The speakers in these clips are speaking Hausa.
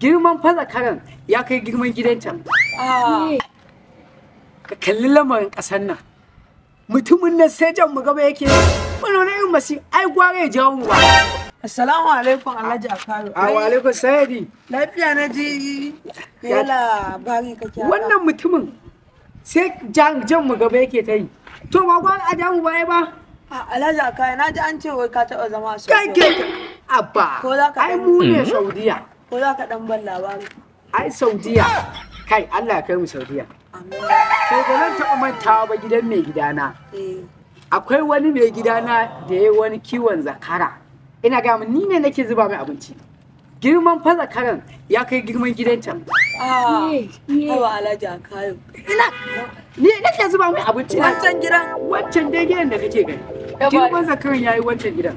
girman faza karan ya kai girman gidanta ah. ka kalli lamarin ƙasar nan mutumin nan sai jan mu gaba yake wani wani irin masi ai gware ya jawo mu ba assalamu alaikum alhaji akaro a ah, wa alaikum sayadi lafiya na ji yala bari ka kyara wannan mutumin sai jan jan mu gaba yake ta yi to ma gwara a jamu ba ba ah, alhaji akaro na ji an ce wai ka taɓa zama a saudiya kai kai abba ai mu ne mhm. saudiya ko za ka dan ban labarin ai saudiya kai allah ya kai mu saudiya sai ba zan taɓa mantawa ba gidan mai gidana eh. akwai wani mai gidana da ya wani kiwon zakara ina ga ni ne nake zuba mai abinci girman fa zakaran ya kai girman gidanta ah, hawa alhaji a kayan ina ni nake zuba mai abinci wancan gidan wancan dai gidan da kake gani girman zakaran ya yi wancan gidan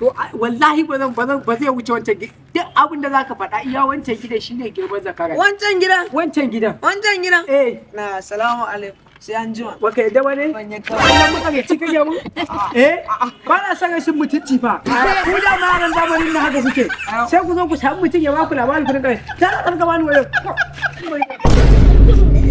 to wallahi ba zan ba zai wuce wancan duk abin da zaka faɗa iya wancan gidan shine girman zakara wancan gidan wancan gidan wancan gidan eh na salamu alaikum sai an ji wa kai da wani wannan makareci kake mu eh ba na san shi mutunci fa ku da ma ran zamanin na haka suke sai ku zo ku samu mutun ya ba ku labarin ku kai ta ka bani wani